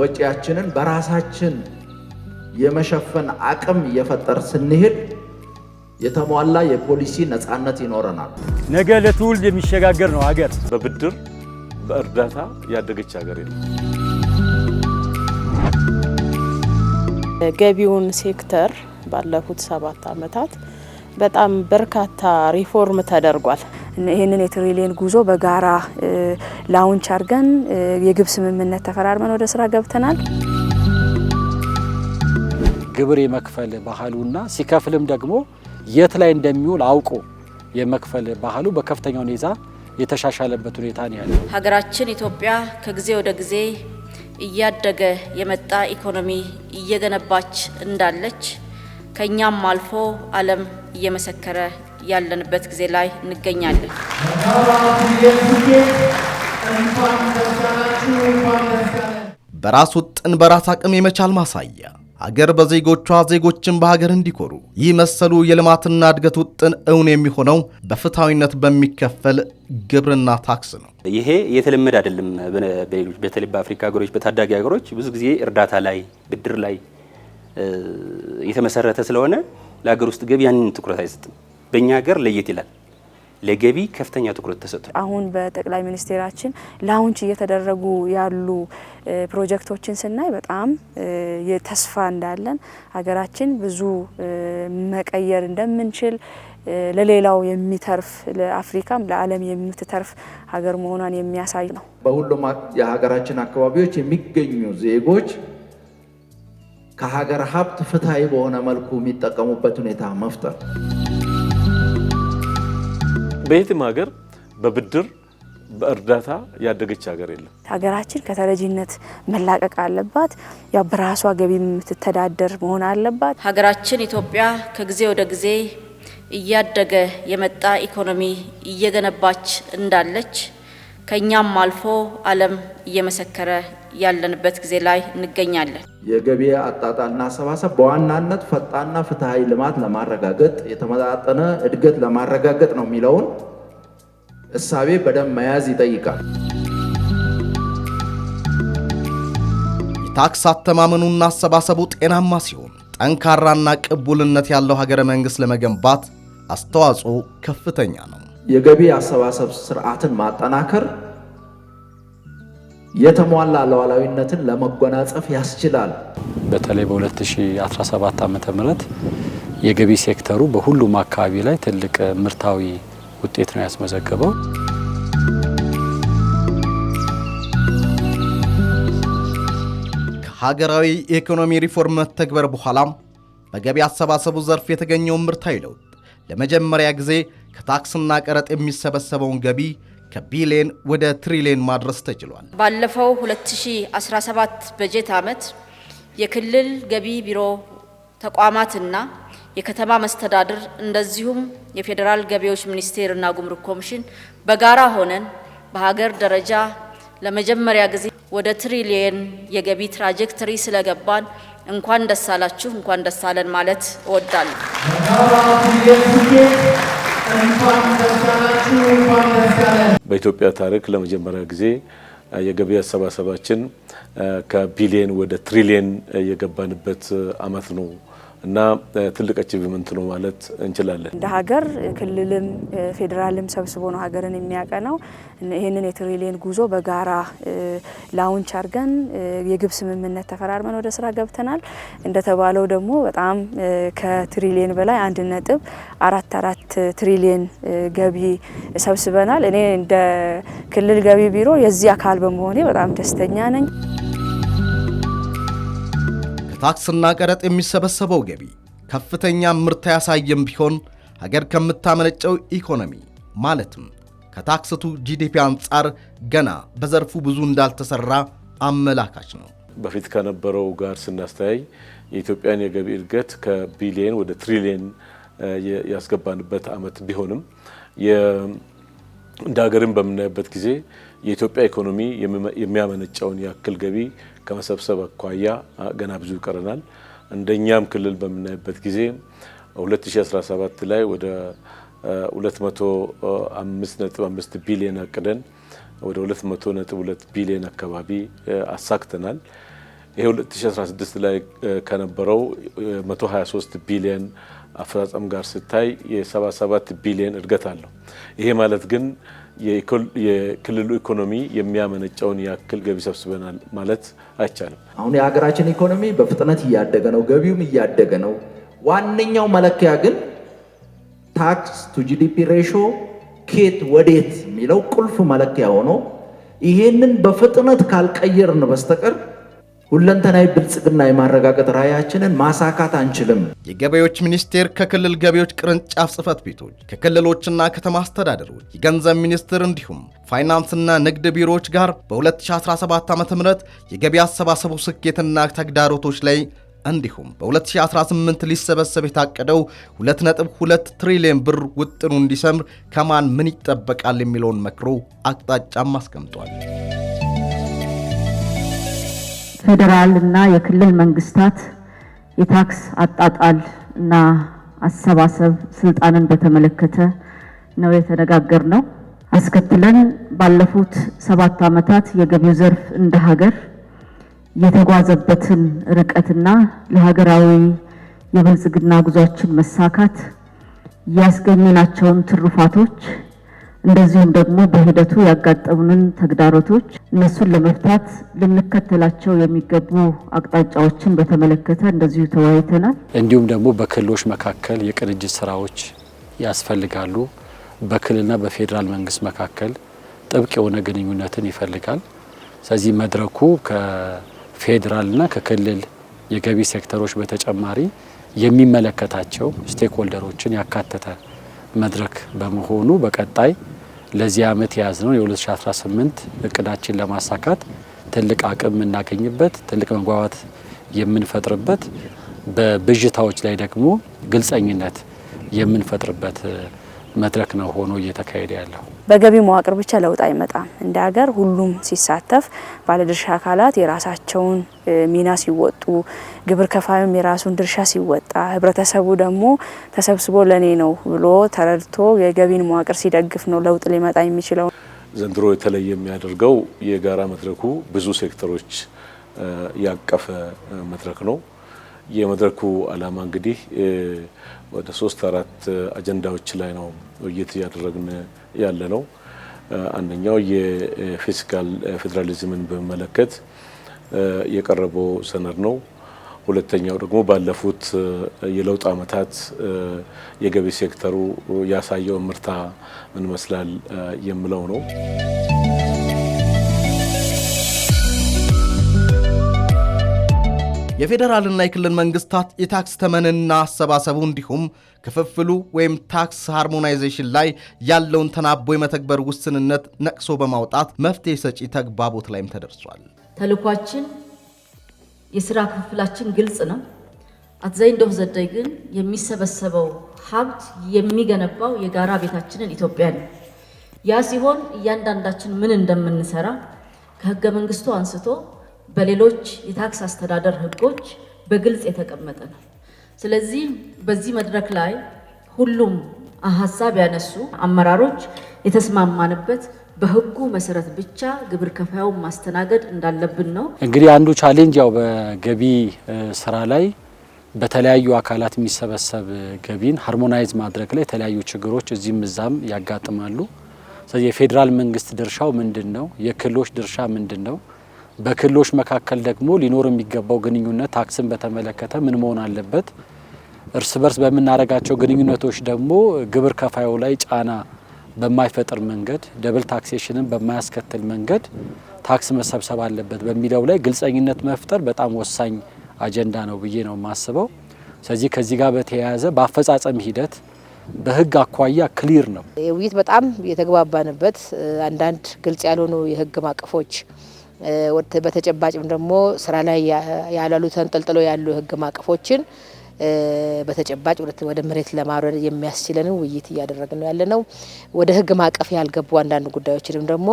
ወጪያችንን በራሳችን የመሸፈን አቅም እየፈጠር ስንሄድ የተሟላ የፖሊሲ ነፃነት ይኖረናል። ነገ ለትውልድ የሚሸጋገር ነው። ሀገር በብድር በእርዳታ ያደገች ሀገር የለም። ገቢውን ሴክተር ባለፉት ሰባት ዓመታት በጣም በርካታ ሪፎርም ተደርጓል። ይህንን የትሪሊየን ጉዞ በጋራ ላውንች አድርገን የግብ ስምምነት ተፈራርመን ወደ ስራ ገብተናል። ግብር የመክፈል ባህሉና ሲከፍልም ደግሞ የት ላይ እንደሚውል አውቆ የመክፈል ባህሉ በከፍተኛ ሁኔታ የተሻሻለበት ሁኔታ ነው ያለው። ሀገራችን ኢትዮጵያ ከጊዜ ወደ ጊዜ እያደገ የመጣ ኢኮኖሚ እየገነባች እንዳለች ከእኛም አልፎ ዓለም እየመሰከረ ያለንበት ጊዜ ላይ እንገኛለን። በራስ ውጥን በራስ አቅም የመቻል ማሳያ ሀገር በዜጎቿ ዜጎችን በሀገር እንዲኮሩ ይህ መሰሉ የልማትና እድገት ውጥን እውን የሚሆነው በፍትሐዊነት በሚከፈል ግብርና ታክስ ነው። ይሄ የተለመደ አይደለም። በሌሎች በተለይ በአፍሪካ ሀገሮች፣ በታዳጊ ሀገሮች ብዙ ጊዜ እርዳታ ላይ ብድር ላይ የተመሰረተ ስለሆነ ለሀገር ውስጥ ገቢ ያንን ትኩረት አይሰጥም። በእኛ ሀገር ለየት ይላል። ለገቢ ከፍተኛ ትኩረት ተሰጥቷል። አሁን በጠቅላይ ሚኒስቴራችን ላውንች እየተደረጉ ያሉ ፕሮጀክቶችን ስናይ በጣም ተስፋ እንዳለን ሀገራችን ብዙ መቀየር እንደምንችል ለሌላው የሚተርፍ ለአፍሪካም ለዓለም የምትተርፍ ሀገር መሆኗን የሚያሳይ ነው። በሁሉም የሀገራችን አካባቢዎች የሚገኙ ዜጎች ከሀገር ሀብት ፍትሐዊ በሆነ መልኩ የሚጠቀሙበት ሁኔታ መፍጠር በየትም ሀገር በብድር በእርዳታ ያደገች ሀገር የለም። ሀገራችን ከተረጂነት መላቀቅ አለባት። ያ በራሷ ገቢ የምትተዳደር መሆን አለባት። ሀገራችን ኢትዮጵያ ከጊዜ ወደ ጊዜ እያደገ የመጣ ኢኮኖሚ እየገነባች እንዳለች ከእኛም አልፎ ዓለም እየመሰከረ ያለንበት ጊዜ ላይ እንገኛለን። የገቢ አጣጣና አሰባሰብ በዋናነት ፈጣንና ፍትሐዊ ልማት ለማረጋገጥ የተመጣጠነ እድገት ለማረጋገጥ ነው የሚለውን እሳቤ በደንብ መያዝ ይጠይቃል። የታክስ አተማመኑና አሰባሰቡ ጤናማ ሲሆን ጠንካራና ቅቡልነት ያለው ሀገረ መንግሥት ለመገንባት አስተዋጽኦ ከፍተኛ ነው። የገቢ አሰባሰብ ስርዓትን ማጠናከር የተሟላ ሉዓላዊነትን ለመጎናጸፍ ያስችላል። በተለይ በ2017 ም የገቢ ሴክተሩ በሁሉም አካባቢ ላይ ትልቅ ምርታዊ ውጤት ነው ያስመዘገበው። ከሀገራዊ የኢኮኖሚ ሪፎርም መተግበር በኋላ በገቢ አሰባሰቡ ዘርፍ የተገኘውን ምርታዊ ለውጥ ለመጀመሪያ ጊዜ ከታክስና ቀረጥ የሚሰበሰበውን ገቢ ከቢሊየን ወደ ትሪሊየን ማድረስ ተችሏል። ባለፈው 2017 በጀት ዓመት የክልል ገቢ ቢሮ ተቋማትና የከተማ መስተዳድር እንደዚሁም የፌዴራል ገቢዎች ሚኒስቴር እና ጉምሩክ ኮሚሽን በጋራ ሆነን በሀገር ደረጃ ለመጀመሪያ ጊዜ ወደ ትሪሊየን የገቢ ትራጀክተሪ ስለገባን እንኳን ደስ አላችሁ እንኳን ደስ አለን ማለት እወዳለሁ። በኢትዮጵያ ታሪክ ለመጀመሪያ ጊዜ የገቢ አሰባሰባችን ከቢሊየን ወደ ትሪሊየን የገባንበት አመት ነው። እና ትልቅ አቺቭመንት ነው ማለት እንችላለን። እንደ ሀገር ክልልም ፌዴራልም ሰብስቦ ነው ሀገርን የሚያቀናው። ይህንን የትሪሊየን ጉዞ በጋራ ላውንች አድርገን የግብ ስምምነት ተፈራርመን ወደ ስራ ገብተናል። እንደተባለው ደግሞ በጣም ከትሪሊየን በላይ አንድ ነጥብ አራት አራት ትሪሊየን ገቢ ሰብስበናል። እኔ እንደ ክልል ገቢ ቢሮ የዚህ አካል በመሆኔ በጣም ደስተኛ ነኝ። ከታክስና ቀረጥ የሚሰበሰበው ገቢ ከፍተኛ ምርት ያሳየም ቢሆን ሀገር ከምታመነጨው ኢኮኖሚ ማለትም ከታክስቱ ጂዲፒ አንጻር ገና በዘርፉ ብዙ እንዳልተሰራ አመላካች ነው። በፊት ከነበረው ጋር ስናስተያይ የኢትዮጵያን የገቢ እድገት ከቢሊየን ወደ ትሪሊየን ያስገባንበት ዓመት ቢሆንም እንደ ሀገርም በምናይበት ጊዜ የኢትዮጵያ ኢኮኖሚ የሚያመነጨውን ያክል ገቢ ከመሰብሰብ አኳያ ገና ብዙ ይቀረናል። እንደኛም ክልል በምናይበት ጊዜ 2017 ላይ ወደ 205.5 ቢሊዮን አቅደን ወደ 200.2 ቢሊዮን አካባቢ አሳክተናል። ይሄ 2016 ላይ ከነበረው 123 ቢሊዮን አፈጻጸም ጋር ስታይ የ77 ቢሊዮን እድገት አለው። ይሄ ማለት ግን የክልሉ ኢኮኖሚ የሚያመነጨውን ያክል ገቢ ሰብስበናል ማለት አይቻልም። አሁን የሀገራችን ኢኮኖሚ በፍጥነት እያደገ ነው፣ ገቢውም እያደገ ነው። ዋነኛው መለኪያ ግን ታክስ ቱ ጂዲፒ ሬሾ ኬት ወዴት የሚለው ቁልፍ መለኪያ ሆኖ ይሄንን በፍጥነት ካልቀየርን በስተቀር ሁለንተናዊ ብልጽግና የማረጋገጥ ራዕያችንን ማሳካት አንችልም። የገቢዎች ሚኒስቴር ከክልል ገቢዎች ቅርንጫፍ ጽህፈት ቤቶች፣ ከክልሎችና ከተማ አስተዳደሮች፣ የገንዘብ ሚኒስቴር እንዲሁም ፋይናንስና ንግድ ቢሮዎች ጋር በ2017 ዓ.ም የገቢ አሰባሰቡ ስኬትና ተግዳሮቶች ላይ እንዲሁም በ2018 ሊሰበሰብ የታቀደው 2.2 ትሪሊዮን ብር ውጥኑ እንዲሰምር ከማን ምን ይጠበቃል የሚለውን መክሮ አቅጣጫም አስቀምጧል። የፌዴራል እና የክልል መንግስታት የታክስ አጣጣል እና አሰባሰብ ስልጣንን በተመለከተ ነው የተነጋገር ነው። አስከትለን ባለፉት ሰባት ዓመታት የገቢው ዘርፍ እንደ ሀገር የተጓዘበትን ርቀትና ለሀገራዊ የብልጽግና ጉዟችን መሳካት ያስገኘናቸውን ትሩፋቶች እንደዚሁም ደግሞ በሂደቱ ያጋጠሙንን ተግዳሮቶች እነሱን ለመፍታት ልንከተላቸው የሚገቡ አቅጣጫዎችን በተመለከተ እንደዚሁ ተወያይተናል። እንዲሁም ደግሞ በክልሎች መካከል የቅንጅት ስራዎች ያስፈልጋሉ። በክልልና በፌዴራል መንግስት መካከል ጥብቅ የሆነ ግንኙነትን ይፈልጋል። ስለዚህ መድረኩ ከፌዴራልና ከክልል የገቢ ሴክተሮች በተጨማሪ የሚመለከታቸው ስቴክሆልደሮችን ያካተተ መድረክ በመሆኑ በቀጣይ ለዚህ ዓመት ነው የ2018 እቅዳችን ለማሳካት ትልቅ አቅም የምናገኝበት ትልቅ መግባባት የምንፈጥርበት በብዥታዎች ላይ ደግሞ ግልጸኝነት የምንፈጥርበት መድረክ ነው ሆኖ እየተካሄደ ያለው። በገቢ መዋቅር ብቻ ለውጥ አይመጣም። እንደ ሀገር ሁሉም ሲሳተፍ፣ ባለድርሻ አካላት የራሳቸውን ሚና ሲወጡ፣ ግብር ከፋዩም የራሱን ድርሻ ሲወጣ፣ ህብረተሰቡ ደግሞ ተሰብስቦ ለእኔ ነው ብሎ ተረድቶ የገቢን መዋቅር ሲደግፍ ነው ለውጥ ሊመጣ የሚችለው። ዘንድሮ የተለየ የሚያደርገው የጋራ መድረኩ ብዙ ሴክተሮች ያቀፈ መድረክ ነው። የመድረኩ ዓላማ እንግዲህ ወደ ሶስት አራት አጀንዳዎች ላይ ነው ውይይት እያደረግን ያለ ነው። አንደኛው የፊስካል ፌዴራሊዝምን በሚመለከት የቀረበው ሰነድ ነው። ሁለተኛው ደግሞ ባለፉት የለውጥ ዓመታት የገቢ ሴክተሩ ያሳየው ምርታ ምን መስላል የሚለው ነው። የፌዴራልና የክልል መንግስታት የታክስ ተመንና አሰባሰቡ እንዲሁም ክፍፍሉ ወይም ታክስ ሃርሞናይዜሽን ላይ ያለውን ተናቦ የመተግበር ውስንነት ነቅሶ በማውጣት መፍትሄ ሰጪ ተግባቦት ላይም ተደርሷል። ተልኳችን የስራ ክፍፍላችን ግልጽ ነው። አትዘይ እንደሁ ዘዳይ ግን የሚሰበሰበው ሀብት የሚገነባው የጋራ ቤታችንን ኢትዮጵያ ነው። ያ ሲሆን እያንዳንዳችን ምን እንደምንሰራ ከህገ መንግስቱ አንስቶ በሌሎች የታክስ አስተዳደር ህጎች በግልጽ የተቀመጠ ነው። ስለዚህ በዚህ መድረክ ላይ ሁሉም ሀሳብ ያነሱ አመራሮች የተስማማንበት በህጉ መሰረት ብቻ ግብር ከፋያውን ማስተናገድ እንዳለብን ነው። እንግዲህ አንዱ ቻሌንጅ ያው በገቢ ስራ ላይ በተለያዩ አካላት የሚሰበሰብ ገቢን ሃርሞናይዝ ማድረግ ላይ የተለያዩ ችግሮች እዚህም እዛም ያጋጥማሉ። ስለዚህ የፌዴራል መንግስት ድርሻው ምንድን ነው? የክልሎች ድርሻ ምንድን ነው? በክልሎች መካከል ደግሞ ሊኖር የሚገባው ግንኙነት ታክስን በተመለከተ ምን መሆን አለበት፣ እርስ በርስ በምናደርጋቸው ግንኙነቶች ደግሞ ግብር ከፋዩ ላይ ጫና በማይፈጥር መንገድ ደብል ታክሴሽንን በማያስከትል መንገድ ታክስ መሰብሰብ አለበት በሚለው ላይ ግልጸኝነት መፍጠር በጣም ወሳኝ አጀንዳ ነው ብዬ ነው የማስበው። ስለዚህ ከዚህ ጋር በተያያዘ በአፈጻጸም ሂደት በህግ አኳያ ክሊር ነው። ውይይት በጣም የተግባባንበት አንዳንድ ግልጽ ያልሆኑ የህግ ማቀፎች በተጨባጭም ደግሞ ስራ ላይ ያላሉ ተንጠልጥሎ ያሉ ህግ ማቀፎችን በተጨባጭ ወደ መሬት ለማውረድ የሚያስችለንን ውይይት እያደረግ ነው ያለ ነው። ወደ ህግ ማዕቀፍ ያልገቡ አንዳንድ ጉዳዮችንም ደግሞ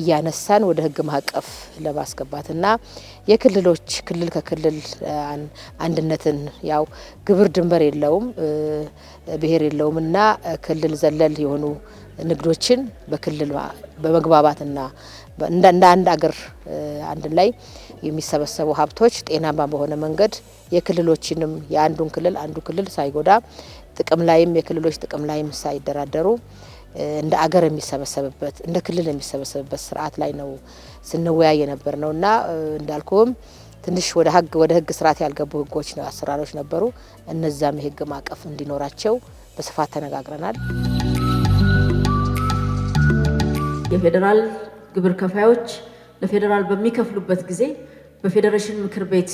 እያነሳን ወደ ህግ ማዕቀፍ ለማስገባትና የክልሎች ክልል ከክልል አንድነትን ያው ግብር ድንበር የለውም ብሄር የለውም እና ክልል ዘለል የሆኑ ንግዶችን በክልል በመግባባትና እንደ አንድ አገር አንድ ላይ የሚሰበሰቡ ሀብቶች ጤናማ በሆነ መንገድ የክልሎችንም የአንዱን ክልል አንዱ ክልል ሳይጎዳ ጥቅም ላይም የክልሎች ጥቅም ላይም ሳይደራደሩ እንደ አገር የሚሰበሰብበት እንደ ክልል የሚሰበሰብበት ስርዓት ላይ ነው ስንወያይ የነበር ነው እና እንዳልኩም ትንሽ ወደ ህግ ወደ ህግ ስርዓት ያልገቡ ህጎች ነው አሰራሮች ነበሩ። እነዛም የህግ ማዕቀፍ እንዲኖራቸው በስፋት ተነጋግረናል። የፌዴራል ግብር ከፋዮች ለፌዴራል በሚከፍሉበት ጊዜ በፌዴሬሽን ምክር ቤት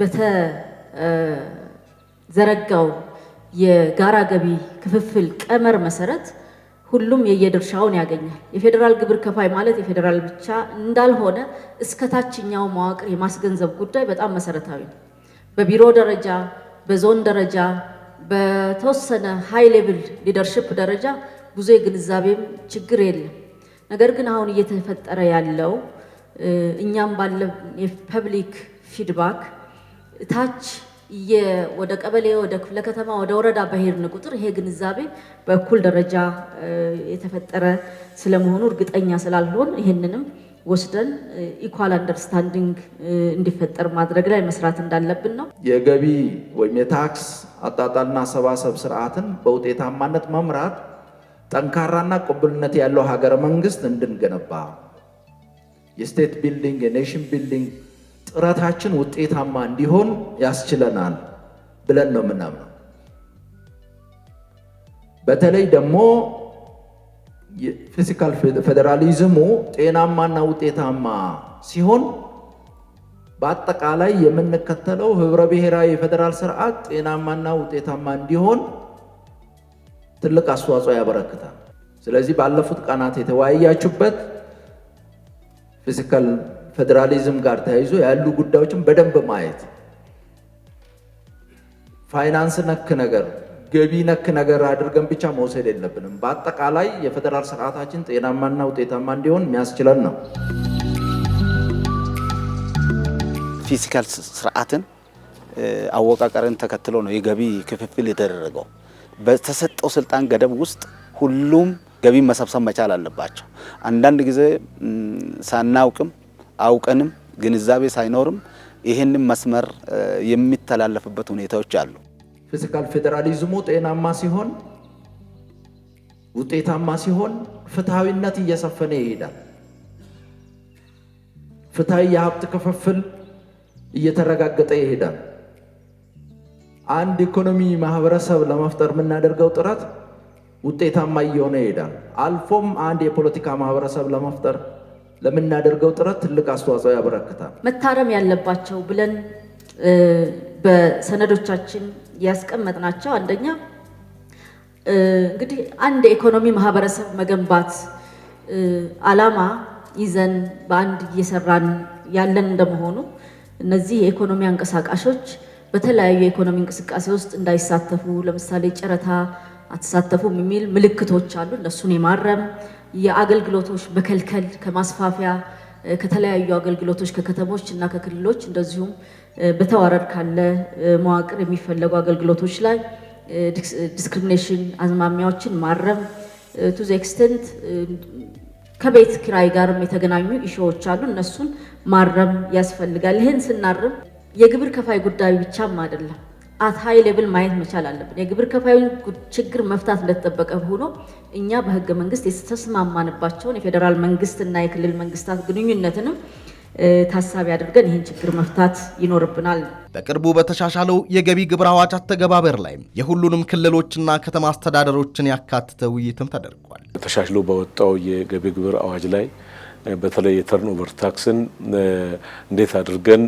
በተዘረጋው የጋራ ገቢ ክፍፍል ቀመር መሰረት ሁሉም የየድርሻውን ያገኛል። የፌዴራል ግብር ከፋይ ማለት የፌዴራል ብቻ እንዳልሆነ እስከ ታችኛው መዋቅር የማስገንዘብ ጉዳይ በጣም መሰረታዊ ነው። በቢሮ ደረጃ፣ በዞን ደረጃ፣ በተወሰነ ሃይ ሌቭል ሊደርሽፕ ደረጃ ብዙ የግንዛቤም ችግር የለም። ነገር ግን አሁን እየተፈጠረ ያለው እኛም ባለ የፐብሊክ ፊድባክ ታች ወደ ቀበሌ፣ ወደ ክፍለ ከተማ፣ ወደ ወረዳ በሄድን ቁጥር ይሄ ግንዛቤ በእኩል ደረጃ የተፈጠረ ስለመሆኑ እርግጠኛ ስላልሆን ይህንንም ወስደን ኢኳል አንደርስታንዲንግ እንዲፈጠር ማድረግ ላይ መስራት እንዳለብን ነው። የገቢ ወይም የታክስ አጣጣልና አሰባሰብ ስርዓትን በውጤታማነት መምራት ጠንካራና ቅቡልነት ያለው ሀገረ መንግስት እንድንገነባ የስቴት ቢልዲንግ የኔሽን ቢልዲንግ ጥረታችን ውጤታማ እንዲሆን ያስችለናል ብለን ነው የምናምነው። በተለይ ደግሞ ፊስካል ፌዴራሊዝሙ ጤናማና ውጤታማ ሲሆን በአጠቃላይ የምንከተለው ህብረ ብሔራዊ የፌዴራል ስርዓት ጤናማና ውጤታማ እንዲሆን ትልቅ አስተዋጽኦ ያበረክታል። ስለዚህ ባለፉት ቀናት የተወያያችሁበት ፊዚካል ፌዴራሊዝም ጋር ተያይዞ ያሉ ጉዳዮችን በደንብ ማየት ፋይናንስ ነክ ነገር ገቢ ነክ ነገር አድርገን ብቻ መውሰድ የለብንም። በአጠቃላይ የፌዴራል ስርዓታችን ጤናማና ውጤታማ እንዲሆን የሚያስችለን ነው። ፊዚካል ስርዓትን አወቃቀርን ተከትሎ ነው የገቢ ክፍፍል የተደረገው። በተሰጠው ስልጣን ገደብ ውስጥ ሁሉም ገቢ መሰብሰብ መቻል አለባቸው። አንዳንድ ጊዜ ሳናውቅም አውቀንም ግንዛቤ ሳይኖርም ይህንን መስመር የሚተላለፍበት ሁኔታዎች አሉ። ፊዚካል ፌዴራሊዝሙ ጤናማ ሲሆን፣ ውጤታማ ሲሆን ፍትሐዊነት እየሰፈነ ይሄዳል። ፍትሐዊ የሀብት ክፍፍል እየተረጋገጠ ይሄዳል። አንድ ኢኮኖሚ ማህበረሰብ ለመፍጠር የምናደርገው ጥረት ውጤታማ እየሆነ ይሄዳል። አልፎም አንድ የፖለቲካ ማህበረሰብ ለመፍጠር ለምናደርገው ጥረት ትልቅ አስተዋጽኦ ያበረክታል። መታረም ያለባቸው ብለን በሰነዶቻችን ያስቀመጥናቸው አንደኛ እንግዲህ አንድ የኢኮኖሚ ማህበረሰብ መገንባት አላማ ይዘን በአንድ እየሰራን ያለን እንደመሆኑ እነዚህ የኢኮኖሚ አንቀሳቃሾች በተለያዩ የኢኮኖሚ እንቅስቃሴ ውስጥ እንዳይሳተፉ ለምሳሌ ጨረታ አትሳተፉም የሚል ምልክቶች አሉ። እነሱን የማረም የአገልግሎቶች መከልከል ከማስፋፊያ ከተለያዩ አገልግሎቶች ከከተሞች እና ከክልሎች እንደዚሁም በተዋረድ ካለ መዋቅር የሚፈለጉ አገልግሎቶች ላይ ዲስክሪሚኔሽን አዝማሚያዎችን ማረም ቱ ዘ ኤክስተንት ከቤት ኪራይ ጋርም የተገናኙ ኢሾዎች አሉ። እነሱን ማረም ያስፈልጋል። ይህን ስናርም የግብር ከፋይ ጉዳዩ ብቻም አይደለም። አት ሀይ ሌቭል ማየት መቻል አለብን። የግብር ከፋዩን ችግር መፍታት እንደተጠበቀ ሆኖ እኛ በህገ መንግስት የተስማማንባቸውን የፌዴራል መንግስትና የክልል መንግስታት ግንኙነትንም ታሳቢ አድርገን ይህን ችግር መፍታት ይኖርብናል። በቅርቡ በተሻሻለው የገቢ ግብር አዋጅ አተገባበር ላይ የሁሉንም ክልሎችና ከተማ አስተዳደሮችን ያካተተ ውይይትም ተደርጓል። ተሻሽሎ በወጣው የገቢ ግብር አዋጅ ላይ በተለይ የተርን ኦቨር ታክስን እንዴት አድርገን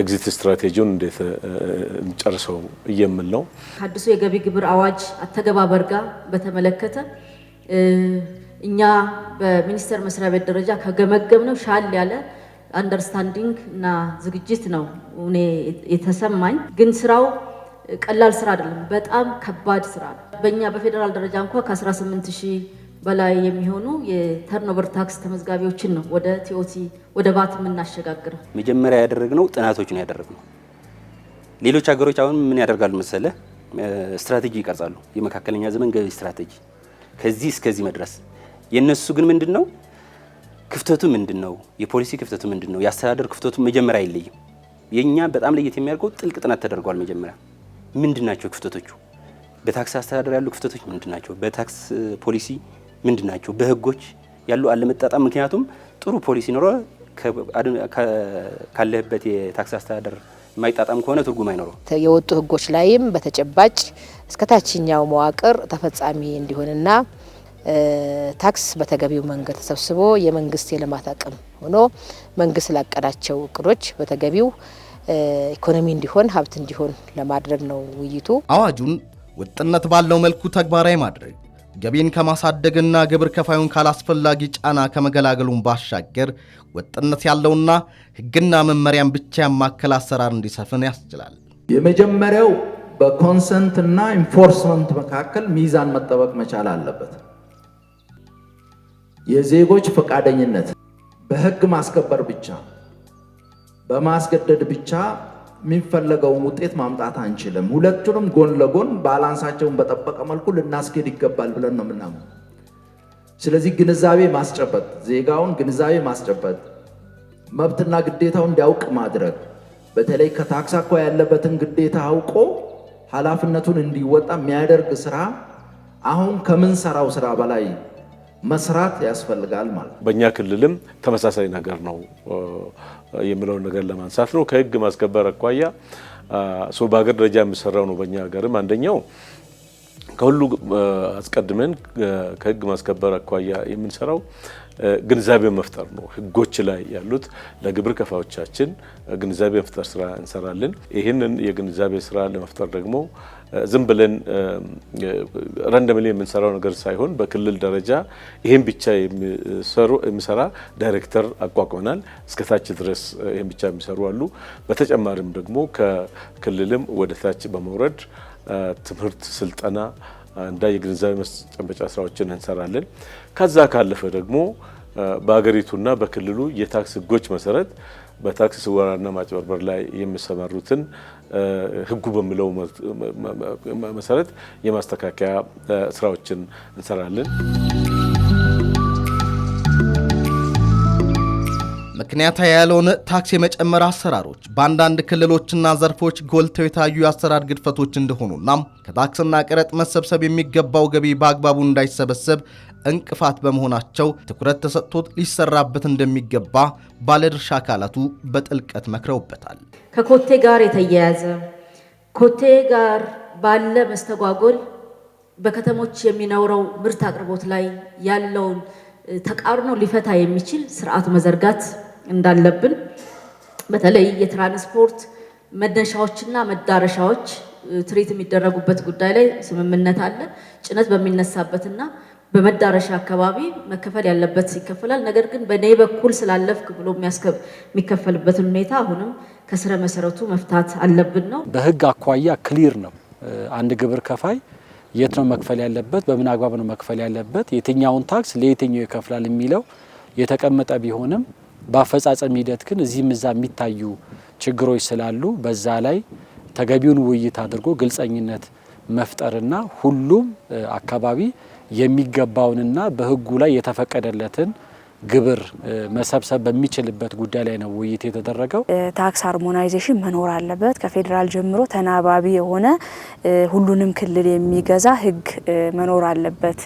ኤግዚት ስትራቴጂውን እንዴት እንጨርሰው እየምል ነው። ከአዲሱ የገቢ ግብር አዋጅ አተገባበር ጋር በተመለከተ እኛ በሚኒስቴር መስሪያ ቤት ደረጃ ከገመገምነው ሻል ያለ አንደርስታንዲንግ እና ዝግጅት ነው እኔ የተሰማኝ። ግን ስራው ቀላል ስራ አይደለም፣ በጣም ከባድ ስራ ነው። በእኛ በፌዴራል ደረጃ እንኳ ከ18 በላይ የሚሆኑ የተርኖቨር ታክስ ተመዝጋቢዎችን ነው ወደ ቲኦቲ ወደ ባት የምናሸጋግረው። መጀመሪያ ያደረግነው ጥናቶች ነው ያደረግነው። ሌሎች ሀገሮች አሁን ምን ያደርጋሉ መሰለ ስትራቴጂ ይቀርጻሉ፣ የመካከለኛ ዘመን ገቢ ስትራቴጂ ከዚህ እስከዚህ መድረስ። የእነሱ ግን ምንድን ነው ክፍተቱ ምንድን ነው? የፖሊሲ ክፍተቱ ምንድን ነው? የአስተዳደር ክፍተቱ መጀመሪያ አይለይም። የእኛ በጣም ለየት የሚያደርገው ጥልቅ ጥናት ተደርጓል። መጀመሪያ ምንድን ናቸው ክፍተቶቹ? በታክስ አስተዳደር ያሉ ክፍተቶች ምንድን ናቸው? በታክስ ፖሊሲ ምንድን ናቸው? በህጎች ያሉ አለመጣጣም። ምክንያቱም ጥሩ ፖሊሲ ኖሮ ካለህበት የታክስ አስተዳደር የማይጣጣም ከሆነ ትርጉም አይኖረው። የወጡ ህጎች ላይም በተጨባጭ እስከ ታችኛው መዋቅር ተፈጻሚ እንዲሆንና ታክስ በተገቢው መንገድ ተሰብስቦ የመንግስት የልማት አቅም ሆኖ መንግስት ላቀዳቸው እቅዶች በተገቢው ኢኮኖሚ እንዲሆን ሀብት እንዲሆን ለማድረግ ነው ውይይቱ። አዋጁን ወጥነት ባለው መልኩ ተግባራዊ ማድረግ ገቢን ከማሳደግና ግብር ከፋዩን ካላስፈላጊ ጫና ከመገላገሉን ባሻገር ወጥነት ያለውና ሕግና መመሪያን ብቻ ያማከል አሰራር እንዲሰፍን ያስችላል። የመጀመሪያው በኮንሰንት እና ኢንፎርስመንት መካከል ሚዛን መጠበቅ መቻል አለበት። የዜጎች ፈቃደኝነት በህግ ማስከበር ብቻ በማስገደድ ብቻ የሚፈለገውን ውጤት ማምጣት አንችልም። ሁለቱንም ጎን ለጎን ባላንሳቸውን በጠበቀ መልኩ ልናስኬድ ይገባል ብለን ነው የምናምነው። ስለዚህ ግንዛቤ ማስጨበጥ፣ ዜጋውን ግንዛቤ ማስጨበጥ፣ መብትና ግዴታውን እንዲያውቅ ማድረግ፣ በተለይ ከታክስ አኳያ ያለበትን ግዴታ አውቆ ኃላፊነቱን እንዲወጣ የሚያደርግ ስራ አሁን ከምንሰራው ስራ በላይ መስራት ያስፈልጋል ማለት ነው። በእኛ ክልልም ተመሳሳይ ነገር ነው የሚለውን ነገር ለማንሳት ነው። ከህግ ማስከበር አኳያ በሀገር ደረጃ የሚሰራው ነው። በእኛ ሀገርም አንደኛው ከሁሉ አስቀድመን ከህግ ማስከበር አኳያ የምንሰራው ግንዛቤ መፍጠር ነው። ህጎች ላይ ያሉት ለግብር ከፋዎቻችን ግንዛቤ መፍጠር ስራ እንሰራለን። ይህንን የግንዛቤ ስራ ለመፍጠር ደግሞ ዝም ብለን ረንደምሊ የምንሰራው ነገር ሳይሆን በክልል ደረጃ ይህን ብቻ የሚሰራ ዳይሬክተር አቋቁመናል። እስከታች ድረስ ይህን ብቻ የሚሰሩ አሉ። በተጨማሪም ደግሞ ከክልልም ወደ ታች በመውረድ ትምህርት፣ ስልጠና እንዳ የግንዛቤ ማስጨበጫ ስራዎችን እንሰራለን። ከዛ ካለፈ ደግሞ በሀገሪቱና በክልሉ የታክስ ህጎች መሰረት በታክስ ስወራና ማጭበርበር ላይ የሚሰማሩትን ህጉ በሚለው መሰረት የማስተካከያ ስራዎችን እንሰራለን። ምክንያታዊ ያለውን ታክስ የመጨመር አሰራሮች በአንዳንድ ክልሎችና ዘርፎች ጎልተው የታዩ የአሰራር ግድፈቶች እንደሆኑና ከታክስና ቀረጥ መሰብሰብ የሚገባው ገቢ በአግባቡ እንዳይሰበሰብ እንቅፋት በመሆናቸው ትኩረት ተሰጥቶት ሊሰራበት እንደሚገባ ባለድርሻ አካላቱ በጥልቀት መክረውበታል። ከኮቴ ጋር የተያያዘ ኮቴ ጋር ባለ መስተጓጎል በከተሞች የሚኖረው ምርት አቅርቦት ላይ ያለውን ተቃርኖ ሊፈታ የሚችል ስርዓት መዘርጋት እንዳለብን በተለይ የትራንስፖርት መነሻዎችና መዳረሻዎች ትርኢት የሚደረጉበት ጉዳይ ላይ ስምምነት አለ። ጭነት በሚነሳበትና በመዳረሻ አካባቢ መከፈል ያለበት ይከፈላል። ነገር ግን በእኔ በኩል ስላለፍክ ብሎ የሚከፈልበትን ሁኔታ አሁንም ከስረ መሰረቱ መፍታት አለብን ነው። በህግ አኳያ ክሊር ነው። አንድ ግብር ከፋይ የት ነው መክፈል ያለበት፣ በምን አግባብ ነው መክፈል ያለበት፣ የትኛውን ታክስ ለየትኛው ይከፍላል የሚለው የተቀመጠ ቢሆንም በአፈጻጸም ሂደት ግን እዚህም እዛ የሚታዩ ችግሮች ስላሉ በዛ ላይ ተገቢውን ውይይት አድርጎ ግልጸኝነት መፍጠርና ሁሉም አካባቢ የሚገባውንና በህጉ ላይ የተፈቀደለትን ግብር መሰብሰብ በሚችልበት ጉዳይ ላይ ነው ውይይት የተደረገው። ታክስ ሃርሞናይዜሽን መኖር አለበት። ከፌዴራል ጀምሮ ተናባቢ የሆነ ሁሉንም ክልል የሚገዛ ህግ መኖር አለበት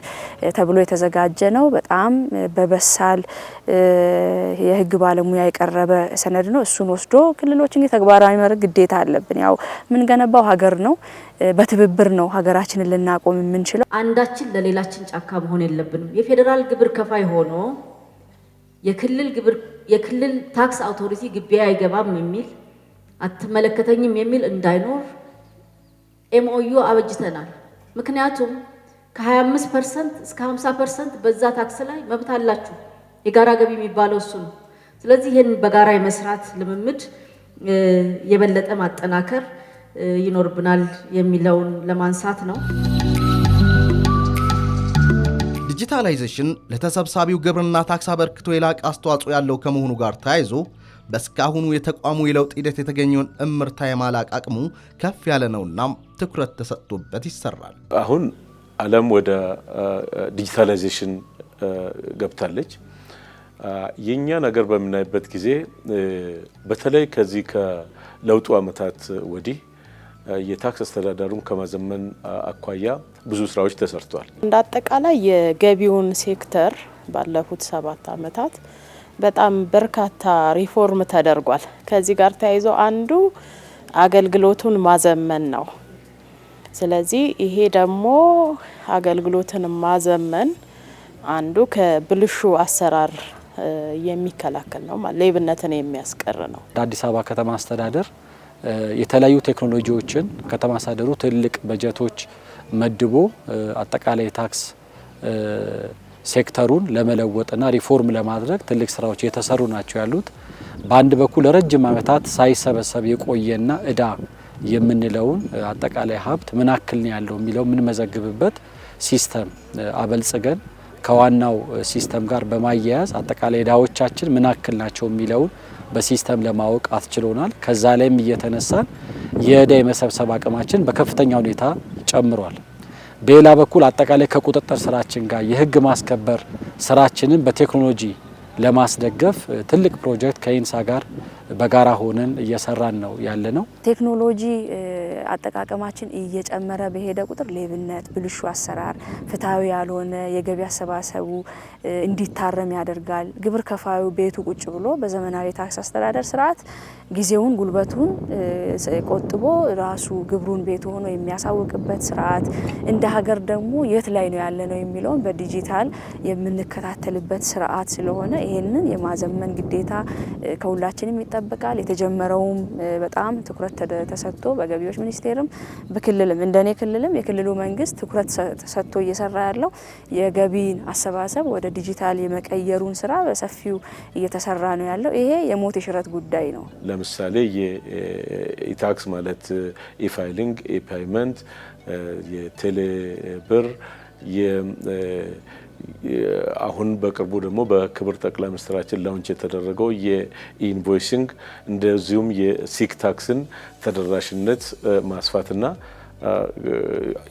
ተብሎ የተዘጋጀ ነው። በጣም በበሳል የህግ ባለሙያ የቀረበ ሰነድ ነው። እሱን ወስዶ ክልሎች ተግባራዊ መድረግ ግዴታ አለብን። ያው የምንገነባው ሀገር ነው። በትብብር ነው ሀገራችንን ልናቆም የምንችለው። አንዳችን ለሌላችን ጫካ መሆን የለብንም። የፌዴራል ግብር ከፋይ ሆኖ የክልል ግብር የክልል ታክስ አውቶሪቲ ግቢ አይገባም የሚል አትመለከተኝም የሚል እንዳይኖር ኤምኦዩ አበጅተናል። ምክንያቱም ከ25 ፐርሰንት እስከ 50 ፐርሰንት በዛ ታክስ ላይ መብት አላችሁ። የጋራ ገቢ የሚባለው እሱ ነው። ስለዚህ ይህን በጋራ የመስራት ልምምድ የበለጠ ማጠናከር ይኖርብናል የሚለውን ለማንሳት ነው። ዲጂታላይዜሽን ለተሰብሳቢው ግብርና ታክስ አበርክቶ የላቀ አስተዋጽኦ ያለው ከመሆኑ ጋር ተያይዞ በስካሁኑ የተቋሙ የለውጥ ሂደት የተገኘውን እምርታ የማላቅ አቅሙ ከፍ ያለ ነውና ትኩረት ተሰጥቶበት ይሰራል። አሁን ዓለም ወደ ዲጂታላይዜሽን ገብታለች። የእኛ ነገር በምናይበት ጊዜ በተለይ ከዚህ ከለውጡ ዓመታት ወዲህ የታክስ አስተዳደሩን ከማዘመን አኳያ ብዙ ስራዎች ተሰርቷል። እንደ አጠቃላይ የገቢውን ሴክተር ባለፉት ሰባት አመታት በጣም በርካታ ሪፎርም ተደርጓል። ከዚህ ጋር ተያይዞ አንዱ አገልግሎቱን ማዘመን ነው። ስለዚህ ይሄ ደግሞ አገልግሎትን ማዘመን አንዱ ከብልሹ አሰራር የሚከላከል ነው፣ ሌብነትን የሚያስቀር ነው። አዲስ አበባ ከተማ አስተዳደር የተለያዩ ቴክኖሎጂዎችን ከተማ አስተዳደሩ ትልቅ በጀቶች መድቦ አጠቃላይ ታክስ ሴክተሩን ለመለወጥና ሪፎርም ለማድረግ ትልቅ ስራዎች የተሰሩ ናቸው ያሉት። በአንድ በኩል ለረጅም ዓመታት ሳይሰበሰብ የቆየና እዳ የምንለውን አጠቃላይ ሀብት ምን አክል ነው ያለው የሚለው የምንመዘግብበት ሲስተም አበልጽገን ከዋናው ሲስተም ጋር በማያያዝ አጠቃላይ እዳዎቻችን ምን አክል ናቸው የሚለውን በሲስተም ለማወቅ አስችሎናል። ከዛ ላይም እየተነሳን የዕዳ የመሰብሰብ አቅማችን በከፍተኛ ሁኔታ ጨምሯል። በሌላ በኩል አጠቃላይ ከቁጥጥር ስራችን ጋር የህግ ማስከበር ስራችንን በቴክኖሎጂ ለማስደገፍ ትልቅ ፕሮጀክት ከኢንሳ ጋር በጋራ ሆነን እየሰራን ነው ያለ ነው። ቴክኖሎጂ አጠቃቀማችን እየጨመረ በሄደ ቁጥር ሌብነት፣ ብልሹ አሰራር፣ ፍትሐዊ ያልሆነ የገቢ አሰባሰቡ እንዲታረም ያደርጋል። ግብር ከፋዩ ቤቱ ቁጭ ብሎ በዘመናዊ ታክስ አስተዳደር ስርዓት ጊዜውን ጉልበቱን ቆጥቦ ራሱ ግብሩን ቤት ሆኖ የሚያሳውቅበት ስርዓት እንደ ሀገር ደግሞ የት ላይ ነው ያለ ነው የሚለውን በዲጂታል የምንከታተልበት ስርዓት ስለሆነ ይህንን የማዘመን ግዴታ ከሁላችንም ይጠበቃል። የተጀመረውም በጣም ትኩረት ተሰጥቶ በገቢዎች ሚኒስቴርም በክልልም እንደኔ ክልልም የክልሉ መንግስት ትኩረት ተሰጥቶ እየሰራ ያለው የገቢን አሰባሰብ ወደ ዲጂታል የመቀየሩን ስራ በሰፊው እየተሰራ ነው ያለው። ይሄ የሞት የሽረት ጉዳይ ነው። ለምሳሌ የኢታክስ ማለት ኢፋይሊንግ፣ ኢፓይመንት፣ የቴሌብር አሁን በቅርቡ ደግሞ በክብር ጠቅላይ ሚኒስትራችን ላውንች የተደረገው የኢንቮይሲንግ እንደዚሁም የሲክ ታክስን ተደራሽነት ማስፋትና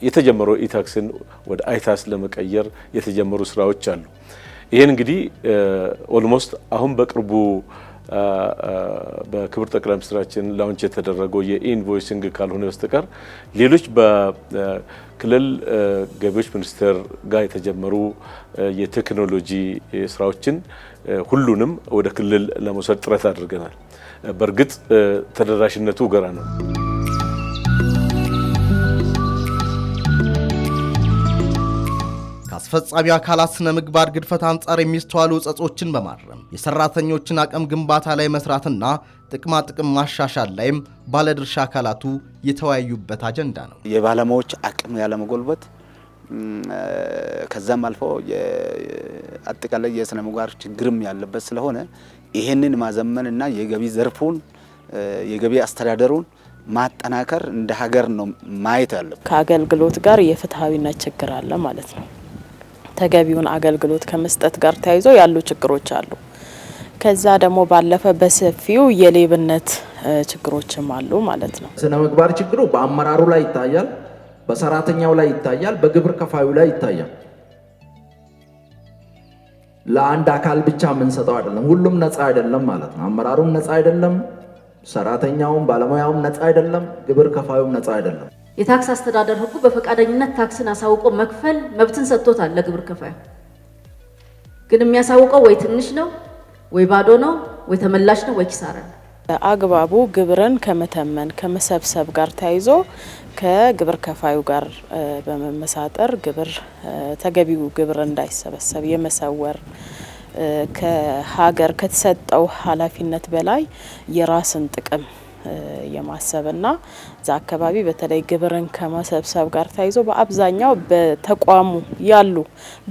የተጀመረው ኢታክስን ወደ አይታስ ለመቀየር የተጀመሩ ስራዎች አሉ። ይህን እንግዲህ ኦልሞስት አሁን በቅርቡ በክቡር ጠቅላይ ሚኒስትራችን ላውንች የተደረገው የኢንቮይሲንግ ካልሆነ በስተቀር ሌሎች በክልል ገቢዎች ሚኒስቴር ጋር የተጀመሩ የቴክኖሎጂ ስራዎችን ሁሉንም ወደ ክልል ለመውሰድ ጥረት አድርገናል። በእርግጥ ተደራሽነቱ ገራ ነው። ከአስፈጻሚ አካላት ስነ ምግባር ግድፈት አንጻር የሚስተዋሉ እጸጾችን በማረም የሰራተኞችን አቅም ግንባታ ላይ መስራትና ጥቅማ ጥቅም ማሻሻል ላይም ባለድርሻ አካላቱ የተወያዩበት አጀንዳ ነው። የባለሙያዎች አቅም ያለመጎልበት ከዛም አልፎ አጠቃላይ የስነ ምግባር ችግርም ያለበት ስለሆነ ይህንን ማዘመን እና የገቢ ዘርፉን የገቢ አስተዳደሩን ማጠናከር እንደ ሀገር ነው ማየት ያለብን። ከአገልግሎት ጋር የፍትሐዊነት ችግር አለ ማለት ነው። ተገቢውን አገልግሎት ከመስጠት ጋር ተያይዞ ያሉ ችግሮች አሉ። ከዛ ደግሞ ባለፈ በሰፊው የሌብነት ችግሮችም አሉ ማለት ነው። ስነ ምግባር ችግሩ በአመራሩ ላይ ይታያል፣ በሰራተኛው ላይ ይታያል፣ በግብር ከፋዩ ላይ ይታያል። ለአንድ አካል ብቻ የምንሰጠው አይደለም። ሁሉም ነፃ አይደለም ማለት ነው። አመራሩም ነፃ አይደለም፣ ሰራተኛውም ባለሙያውም ነፃ አይደለም፣ ግብር ከፋዩም ነፃ አይደለም። የታክስ አስተዳደር ህጉ በፈቃደኝነት ታክስን አሳውቆ መክፈል መብትን ሰጥቶታል ለግብር ከፋዩ። ግን የሚያሳውቀው ወይ ትንሽ ነው፣ ወይ ባዶ ነው፣ ወይ ተመላሽ ነው፣ ወይ ኪሳራ ነው። አግባቡ ግብርን ከመተመን ከመሰብሰብ ጋር ተያይዞ ከግብር ከፋዩ ጋር በመመሳጠር ግብር ተገቢው ግብር እንዳይሰበሰብ የመሰወር ከሀገር ከተሰጠው ኃላፊነት በላይ የራስን ጥቅም የማሰብና እዛ አካባቢ በተለይ ግብርን ከመሰብሰብ ጋር ተያይዞ በአብዛኛው በተቋሙ ያሉ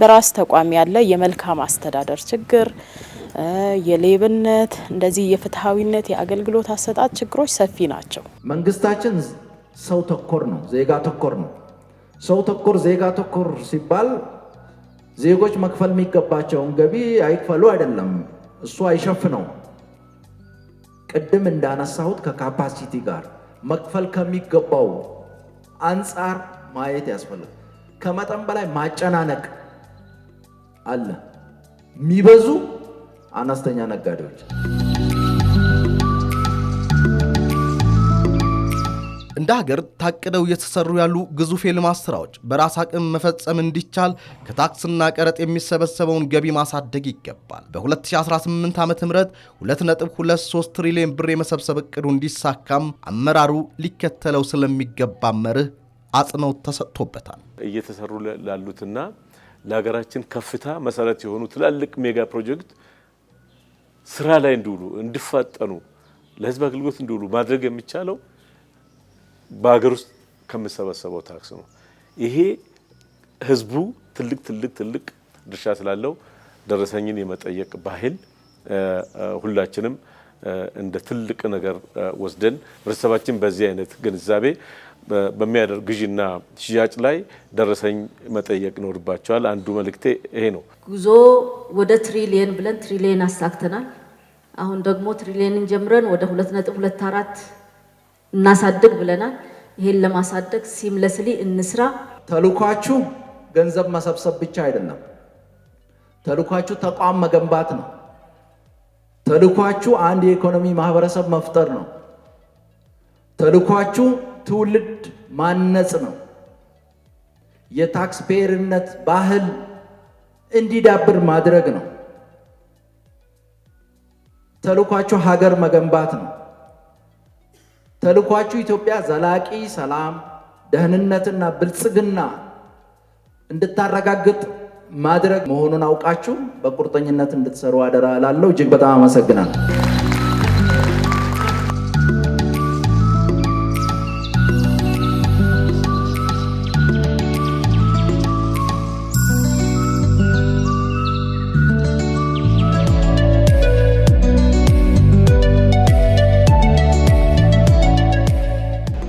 በራስ ተቋም ያለ የመልካም አስተዳደር ችግር፣ የሌብነት እንደዚህ የፍትሐዊነት የአገልግሎት አሰጣጥ ችግሮች ሰፊ ናቸው። መንግስታችን ሰው ተኮር ነው፣ ዜጋ ተኮር ነው። ሰው ተኮር ዜጋ ተኮር ሲባል ዜጎች መክፈል የሚገባቸውን ገቢ አይክፈሉ አይደለም፣ እሱ አይሸፍነው ቅድም እንዳነሳሁት ከካፓሲቲ ጋር መክፈል ከሚገባው አንጻር ማየት ያስፈልጋል። ከመጠን በላይ ማጨናነቅ አለ። የሚበዙ አነስተኛ ነጋዴዎች እንደ ሀገር ታቅደው እየተሰሩ ያሉ ግዙፍ የልማት ስራዎች በራስ አቅም መፈጸም እንዲቻል ከታክስና ቀረጥ የሚሰበሰበውን ገቢ ማሳደግ ይገባል። በ2018 ዓ ም 2.23 ትሪሊዮን ብር የመሰብሰብ እቅዱ እንዲሳካም አመራሩ ሊከተለው ስለሚገባ መርህ አጽንኦት ተሰጥቶበታል። እየተሰሩ ላሉትና ለሀገራችን ከፍታ መሰረት የሆኑ ትላልቅ ሜጋ ፕሮጀክት ስራ ላይ እንዲውሉ እንዲፋጠኑ፣ ለህዝብ አገልግሎት እንዲውሉ ማድረግ የሚቻለው በሀገር ውስጥ ከምሰበሰበው ታክስ ነው። ይሄ ህዝቡ ትልቅ ትልቅ ትልቅ ድርሻ ስላለው ደረሰኝን የመጠየቅ ባህል ሁላችንም እንደ ትልቅ ነገር ወስደን ህብረተሰባችን በዚህ አይነት ግንዛቤ በሚያደርግ ግዥና ሽያጭ ላይ ደረሰኝ መጠየቅ ይኖርባቸዋል። አንዱ መልእክቴ ይሄ ነው። ጉዞ ወደ ትሪሊየን ብለን ትሪሊየን አሳክተናል። አሁን ደግሞ ትሪሊየንን ጀምረን ወደ ሁለት ነጥብ ሁለት አራት እናሳድግ ብለናል። ይሄን ለማሳደግ ሲምለስሊ እንስራ። ተልኳችሁ ገንዘብ መሰብሰብ ብቻ አይደለም። ተልኳችሁ ተቋም መገንባት ነው። ተልኳችሁ አንድ የኢኮኖሚ ማህበረሰብ መፍጠር ነው። ተልኳችሁ ትውልድ ማነጽ ነው። የታክስ ባህል እንዲዳብር ማድረግ ነው። ተልኳችሁ ሀገር መገንባት ነው። ተልኳችሁ ኢትዮጵያ ዘላቂ ሰላም፣ ደህንነትና ብልጽግና እንድታረጋግጥ ማድረግ መሆኑን አውቃችሁ በቁርጠኝነት እንድትሰሩ አደራ እላለሁ። እጅግ በጣም አመሰግናለሁ።